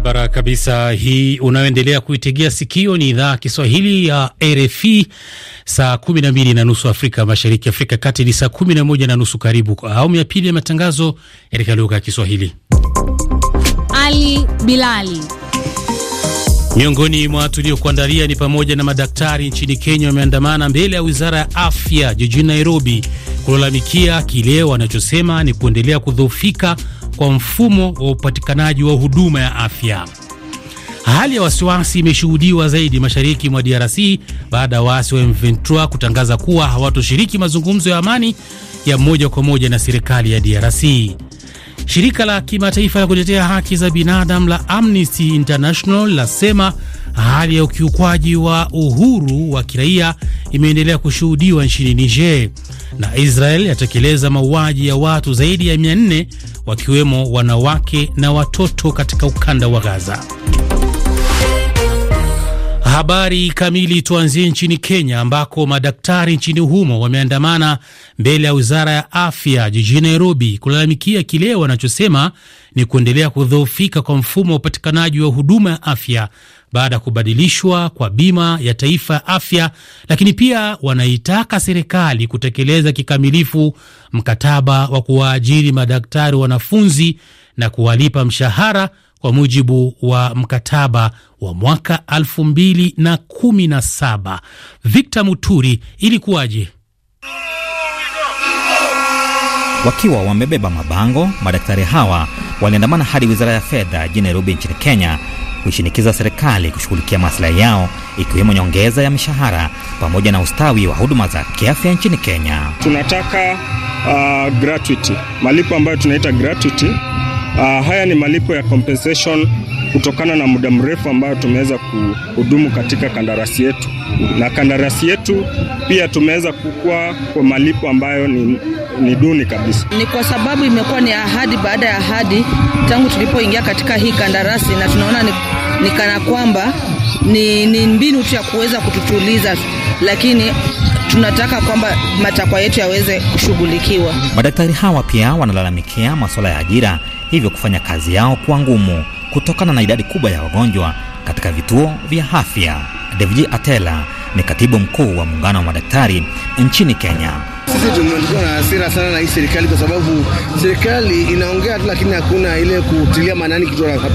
barabara kabisa. Hii unayoendelea kuitegea sikio ni idhaa Kiswahili ya RFI. Saa kumi na mbili na nusu Afrika Mashariki, Afrika Kati ni saa kumi na moja na nusu. Karibu kwa awamu ya pili ya matangazo katika lugha ya Kiswahili. Ali Bilali miongoni mwa tuliokuandalia ni pamoja na madaktari nchini Kenya wameandamana mbele ya wizara ya afya jijini Nairobi kulalamikia kile wanachosema ni kuendelea kudhoofika kwa mfumo wa upatikanaji wa huduma ya afya. Hali ya wasiwasi imeshuhudiwa zaidi mashariki mwa DRC baada ya waasi wa M23 kutangaza kuwa hawatoshiriki mazungumzo ya amani ya moja kwa moja na serikali ya DRC. Shirika la kimataifa la kutetea haki za binadamu la Amnesty International lasema hali ya ukiukwaji wa uhuru wa kiraia imeendelea kushuhudiwa nchini Niger na Israel yatekeleza mauaji ya watu zaidi ya 400 wakiwemo wanawake na watoto katika ukanda wa Gaza. Habari kamili tuanzie nchini Kenya ambako madaktari nchini humo wameandamana mbele ya wizara ya afya jijini Nairobi kulalamikia kile wanachosema ni kuendelea kudhoofika kwa mfumo wa upatikanaji wa huduma ya afya baada ya kubadilishwa kwa bima ya taifa ya afya, lakini pia wanaitaka serikali kutekeleza kikamilifu mkataba wa kuwaajiri madaktari wanafunzi na kuwalipa mshahara kwa mujibu wa mkataba wa mwaka 2017. Victor Muturi, ilikuwaje? wakiwa wamebeba mabango. Madaktari hawa waliandamana hadi wizara ya fedha jijini Nairobi nchini Kenya kuishinikiza serikali kushughulikia maslahi yao ikiwemo nyongeza ya mishahara pamoja na ustawi wa huduma za kiafya nchini Kenya. Tunataka uh, gratuity, malipo ambayo tunaita gratuity. Uh, haya ni malipo ya compensation kutokana na muda mrefu ambayo tumeweza kuhudumu katika kandarasi yetu, na kandarasi yetu pia tumeweza kukua kwa malipo ambayo ni, ni duni kabisa. Ni kwa sababu imekuwa ni ahadi baada ya ahadi tangu tulipoingia katika hii kandarasi, na tunaona ni, ni kana kwamba ni, ni mbinu tu ya kuweza kututuliza, lakini tunataka kwamba matakwa yetu yaweze kushughulikiwa. Madaktari hawa pia wanalalamikia masuala ya ajira, hivyo kufanya kazi yao kuwa ngumu kutokana na idadi kubwa ya wagonjwa katika vituo vya afya. David Atela ni katibu mkuu wa muungano wa madaktari nchini Kenya sisi tumekuwa na hasira sana na hii serikali kwa sababu serikali inaongea tu, lakini hakuna ile kutilia maanani kitu wanafanya.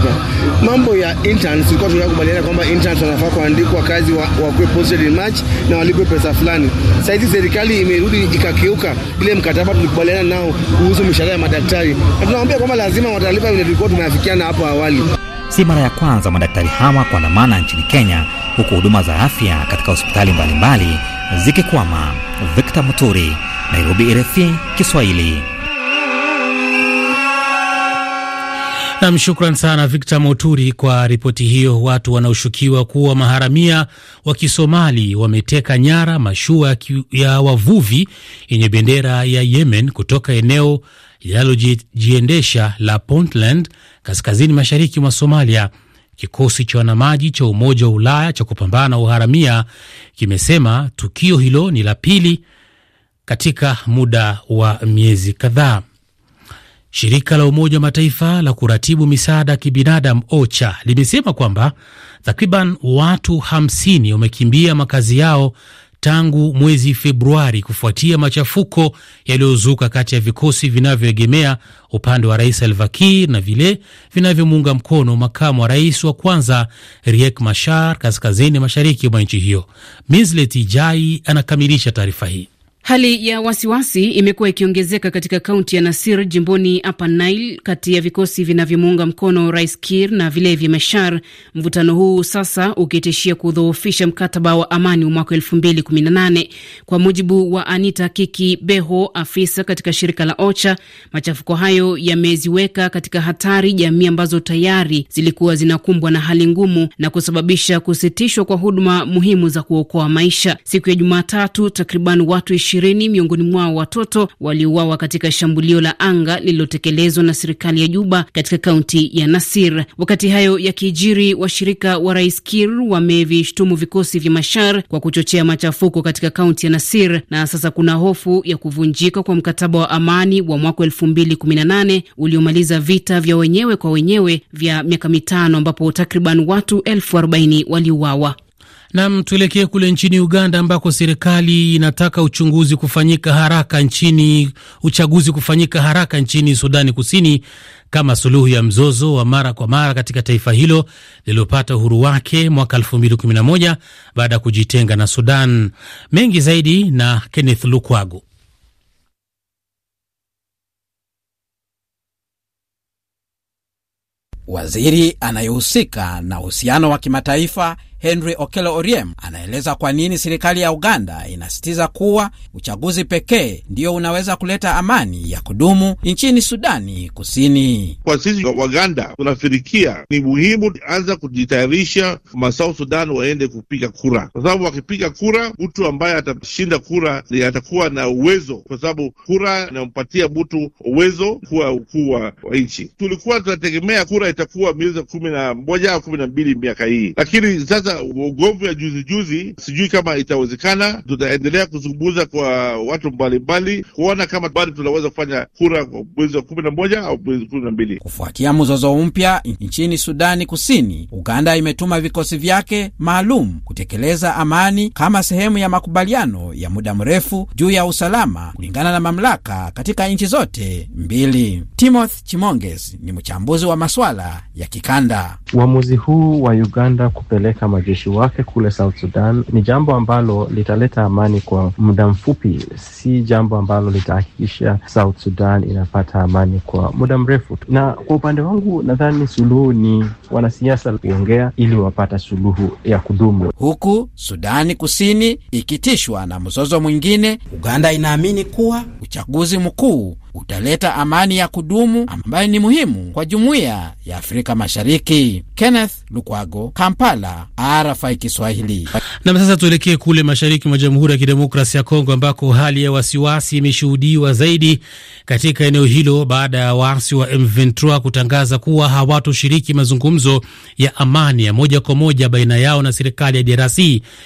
Mambo ya interns, tulikuwa tunakubaliana kwamba interns wanafaa kuandikwa kazi, wa, wa kwe posted in March na walipwe pesa fulani. Sasa hizi serikali imerudi ikakiuka ile mkataba tulikubaliana nao kuhusu mishahara ya madaktari, na tunawaambia kwamba lazima watalipa vile tulikuwa tumeafikiana hapo awali. Si mara ya kwanza madaktari hawa kwa namana nchini Kenya, huku huduma za afya katika hospitali mbalimbali zikikwama. Victor Muturi, Nairobi, RFI Kiswahili. Nam, shukran sana Victor Moturi kwa ripoti hiyo. Watu wanaoshukiwa kuwa maharamia wa Kisomali wameteka nyara mashua ya wavuvi yenye bendera ya Yemen kutoka eneo linalojiendesha la Puntland kaskazini mashariki mwa Somalia. Kikosi cha wanamaji cha Umoja wa Ulaya cha kupambana na uharamia kimesema tukio hilo ni la pili katika muda wa miezi kadhaa. Shirika la Umoja wa Mataifa la kuratibu misaada ya kibinadamu OCHA limesema kwamba takriban watu 50 wamekimbia makazi yao tangu mwezi Februari kufuatia machafuko yaliyozuka kati ya vikosi vinavyoegemea upande wa rais Salva Kiir na vile vinavyomuunga mkono makamu wa rais wa kwanza Riek Machar kaskazini mashariki mwa nchi hiyo. Mislet Ijai anakamilisha taarifa hii. Hali ya wasiwasi imekuwa ikiongezeka katika kaunti ya Nasir jimboni Upper Nile kati ya vikosi vinavyomuunga mkono Rais Kiir na vile vya Machar, mvutano huu sasa ukitishia kudhoofisha mkataba wa amani wa mwaka 2018. Kwa mujibu wa Anita Kiki Beho, afisa katika shirika la OCHA, machafuko hayo yameziweka katika hatari jamii ambazo tayari zilikuwa zinakumbwa na hali ngumu na kusababisha kusitishwa kwa huduma muhimu za kuokoa maisha. Siku ya Jumatatu takriban watu ishirini miongoni mwao watoto waliuawa katika shambulio la anga lililotekelezwa na serikali ya Juba katika kaunti ya Nasir. Wakati hayo yakijiri, washirika wa rais Kir wamevishutumu vikosi vya Mashar kwa kuchochea machafuko katika kaunti ya Nasir, na sasa kuna hofu ya kuvunjika kwa mkataba wa amani wa mwaka elfu mbili kumi na nane uliomaliza vita vya wenyewe kwa wenyewe vya miaka mitano ambapo takriban watu elfu arobaini waliuawa. Nam, tuelekee kule nchini Uganda ambako serikali inataka uchunguzi kufanyika haraka nchini uchaguzi kufanyika haraka nchini Sudani Kusini kama suluhu ya mzozo wa mara kwa mara katika taifa hilo lililopata uhuru wake mwaka 2011 baada ya kujitenga na Sudan. Mengi zaidi na Kenneth Lukwago. Waziri anayehusika na uhusiano wa kimataifa Henry okelo Oriem anaeleza kwa nini serikali ya Uganda inasitiza kuwa uchaguzi pekee ndiyo unaweza kuleta amani ya kudumu nchini Sudani Kusini. Kwa sisi Waganda tunafirikia, ni muhimu anza kujitayarisha masau Sudan waende kupiga kura, kwa sababu wakipiga kura, mtu ambaye atashinda kura atakuwa na uwezo, kwa sababu kura inampatia mtu uwezo kuwa ukuu wa nchi. Tulikuwa tunategemea kura itakuwa miezi kumi na moja au kumi na mbili miaka hii, lakini sasa sasa ugomvi ya juzi juzi, sijui kama itawezekana. Tutaendelea kuzungumza kwa watu mbalimbali kuona kama bado tunaweza kufanya kura kwa mwezi wa kumi na moja au mwezi kumi na mbili. Kufuatia mzozo mpya nchini Sudani Kusini, Uganda imetuma vikosi vyake maalum kutekeleza amani kama sehemu ya makubaliano ya muda mrefu juu ya usalama kulingana na mamlaka katika nchi zote mbili. Timothy Chimonges ni mchambuzi wa maswala ya kikanda. Uamuzi huu wa Uganda kupeleka wanajeshi wake kule South Sudan ni jambo ambalo litaleta amani kwa muda mfupi, si jambo ambalo litahakikisha South Sudan inapata amani kwa muda mrefu. Na kwa upande wangu, nadhani suluhu ni wanasiasa kuongea ili wapata suluhu ya kudumu, huku Sudani Kusini ikitishwa na mzozo mwingine. Uganda inaamini kuwa uchaguzi mkuu utaleta amani ya kudumu ambayo ni muhimu kwa jumuiya ya Afrika Mashariki. Kenneth Lukwago, Kampala, RFI Kiswahili. Nam, sasa tuelekee kule mashariki mwa Jamhuri ya Kidemokrasi ya Kongo ambako hali ya wasiwasi imeshuhudiwa zaidi katika eneo hilo baada ya waasi wa M23 kutangaza kuwa hawatoshiriki mazungumzo ya amani ya moja kwa moja baina yao na serikali ya DRC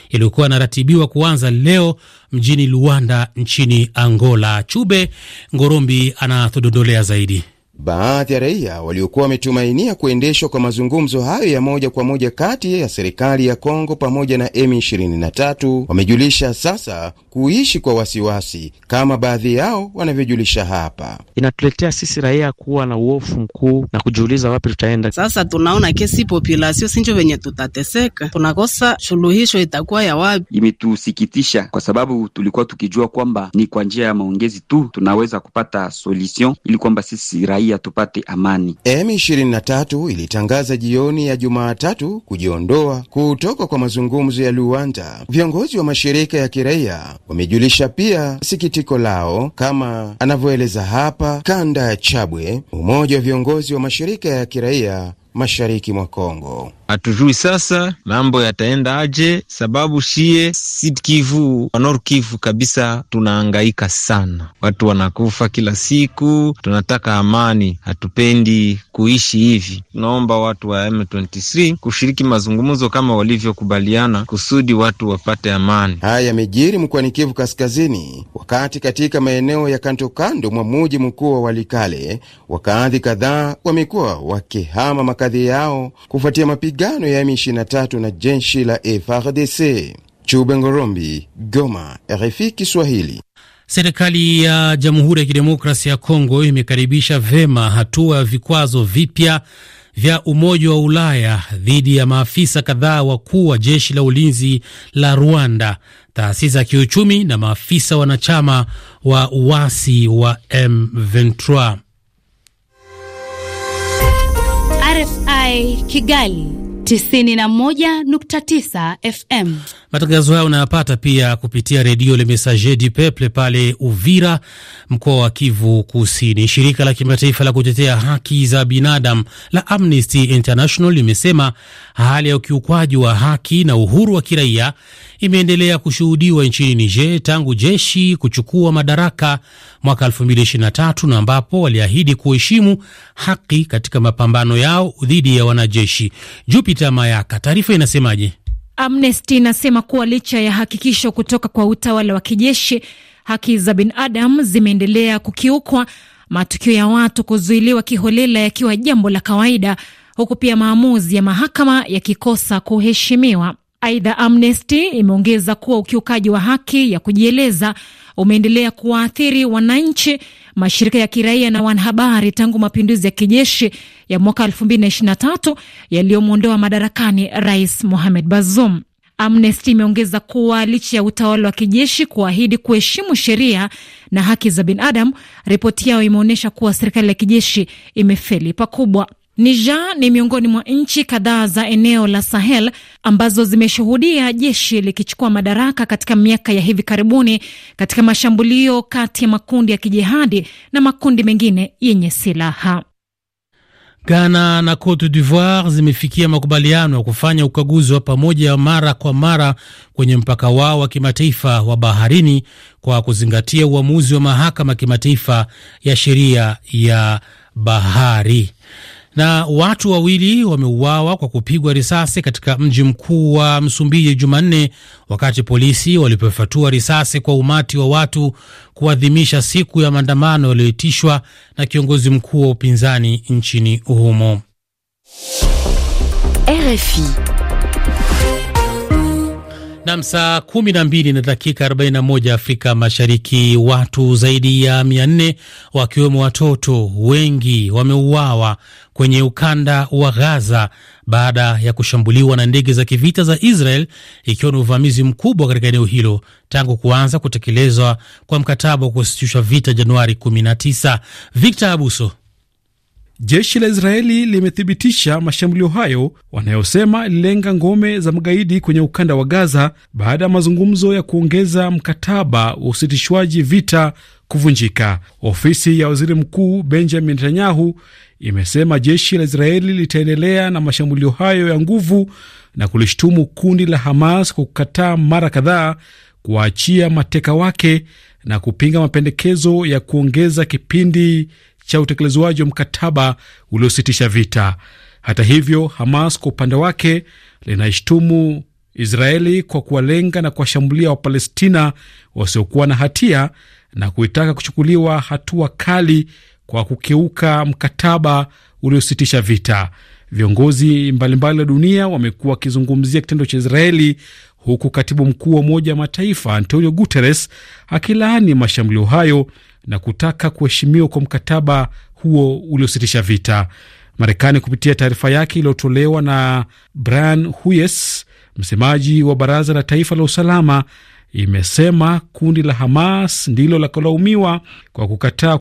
iliyokuwa inaratibiwa kuanza leo mjini Luanda nchini Angola. Chube Ngorombi anatudondolea zaidi. Baadhi ya raia waliokuwa wametumainia kuendeshwa kwa mazungumzo hayo ya moja kwa moja kati ya serikali ya Kongo pamoja na M23 wamejulisha sasa kuishi kwa wasiwasi, kama baadhi yao wanavyojulisha hapa. Inatuletea sisi raia kuwa na uofu mkuu na kujiuliza wapi tutaenda sasa. Tunaona kesi populasio sinjo venye tutateseka, tunakosa suluhisho, itakuwa ya wapi? Imetusikitisha kwa sababu tulikuwa tukijua kwamba ni kwa njia ya maongezi tu tunaweza kupata solution ili kwamba sisi raia pia tupate amani. M23 ilitangaza jioni ya Jumatatu kujiondoa kutoka kwa mazungumzo ya Luanda. Viongozi wa mashirika ya kiraia wamejulisha pia sikitiko lao, kama anavyoeleza hapa Kanda ya Chabwe, mmoja wa viongozi wa mashirika ya kiraia mashariki mwa Kongo. Hatujui sasa mambo yataenda aje, sababu shie Sud Kivu na Nord Kivu kabisa tunaangaika sana, watu wanakufa kila siku. Tunataka amani, hatupendi kuishi hivi. Tunaomba watu wa M23 kushiriki mazungumzo kama walivyokubaliana, kusudi watu wapate amani. Haya yamejiri mkoani Kivu Kaskazini, wakati katika maeneo ya kando kando mwa muji mkuu wa Walikale, wakaadhi kadhaa wamekuwa wakihama kadhi yao kufuatia mapigano ya M23 na jeshi la FARDC. Chube Ngorombi, Goma, RFI Kiswahili. Serikali ya Jamhuri ya Kidemokrasia ya Kongo imekaribisha vema hatua ya vikwazo vipya vya Umoja wa Ulaya dhidi ya maafisa kadhaa wakuu wa jeshi la ulinzi la Rwanda, taasisi za kiuchumi na maafisa wanachama wa uasi wa M23. RFI Kigali 91.9 FM. Matangazo hayo unayapata pia kupitia redio Le Messager du Peuple pale Uvira, mkoa wa Kivu Kusini. Shirika la kimataifa la kutetea haki za binadamu la Amnesty International limesema hali ya ukiukwaji wa haki na uhuru wa kiraia imeendelea kushuhudiwa nchini Niger tangu jeshi kuchukua madaraka mwaka 2023 na ambapo waliahidi kuheshimu haki katika mapambano yao dhidi ya wanajeshi. Jupiter Mayaka, taarifa inasemaje? Amnesty inasema kuwa licha ya hakikisho kutoka kwa utawala wa kijeshi, haki za binadamu zimeendelea kukiukwa, matukio ya watu kuzuiliwa kiholela yakiwa jambo la kawaida, huku pia maamuzi ya mahakama yakikosa kuheshimiwa. Aidha, Amnesty imeongeza kuwa ukiukaji wa haki ya kujieleza umeendelea kuwaathiri wananchi, mashirika ya kiraia na wanahabari tangu mapinduzi ya kijeshi ya mwaka 2023 yaliyomwondoa madarakani Rais Mohamed Bazoum. Amnesty imeongeza kuwa licha ya utawala wa kijeshi kuahidi kuheshimu sheria na haki za binadamu, ripoti yao imeonyesha kuwa serikali ya kijeshi imefeli pakubwa. Niger ni miongoni mwa nchi kadhaa za eneo la Sahel ambazo zimeshuhudia jeshi likichukua madaraka katika miaka ya hivi karibuni katika mashambulio kati ya makundi ya kijihadi na makundi mengine yenye silaha. Ghana na Cote d'Ivoire zimefikia makubaliano ya kufanya ukaguzi wa pamoja mara kwa mara kwenye mpaka wao wa kimataifa wa baharini kwa kuzingatia uamuzi wa mahakama kimataifa ya sheria ya bahari. Na watu wawili wameuawa kwa kupigwa risasi katika mji mkuu wa Msumbiji Jumanne, wakati polisi walipofatua risasi kwa umati wa watu kuadhimisha siku ya maandamano yaliyoitishwa na kiongozi mkuu wa upinzani nchini humo. RFI Nam, saa kumi na mbili na dakika 41 Afrika Mashariki. Watu zaidi ya nne wakiwemo watoto wengi wameuawa kwenye ukanda wa Gaza baada ya kushambuliwa na ndege za kivita za Israel, ikiwa ni uvamizi mkubwa katika eneo hilo tangu kuanza kutekelezwa kwa mkataba wa kusitishwa vita Januari 19. Victor Abuso. Jeshi la Israeli limethibitisha mashambulio hayo wanayosema ililenga ngome za magaidi kwenye ukanda wa Gaza baada ya mazungumzo ya kuongeza mkataba wa usitishwaji vita kuvunjika. Ofisi ya waziri mkuu Benjamin Netanyahu imesema jeshi la Israeli litaendelea na mashambulio hayo ya nguvu na kulishutumu kundi la Hamas kwa kukataa mara kadhaa kuwaachia mateka wake na kupinga mapendekezo ya kuongeza kipindi cha utekelezwaji wa mkataba uliositisha vita. Hata hivyo, Hamas kwa upande wake linaishtumu Israeli kwa kuwalenga na kuwashambulia Wapalestina wasiokuwa na hatia na kuitaka kuchukuliwa hatua kali kwa kukeuka mkataba uliositisha vita. Viongozi mbalimbali wa dunia wamekuwa wakizungumzia kitendo cha Israeli, huku katibu mkuu wa Umoja wa Mataifa Antonio Guterres akilaani mashambulio hayo na kutaka kuheshimiwa kwa mkataba huo uliositisha vita. Marekani kupitia taarifa yake iliyotolewa na Brian Huyes, msemaji wa baraza la taifa la usalama, imesema kundi la Hamas ndilo la kulaumiwa kwa kukataa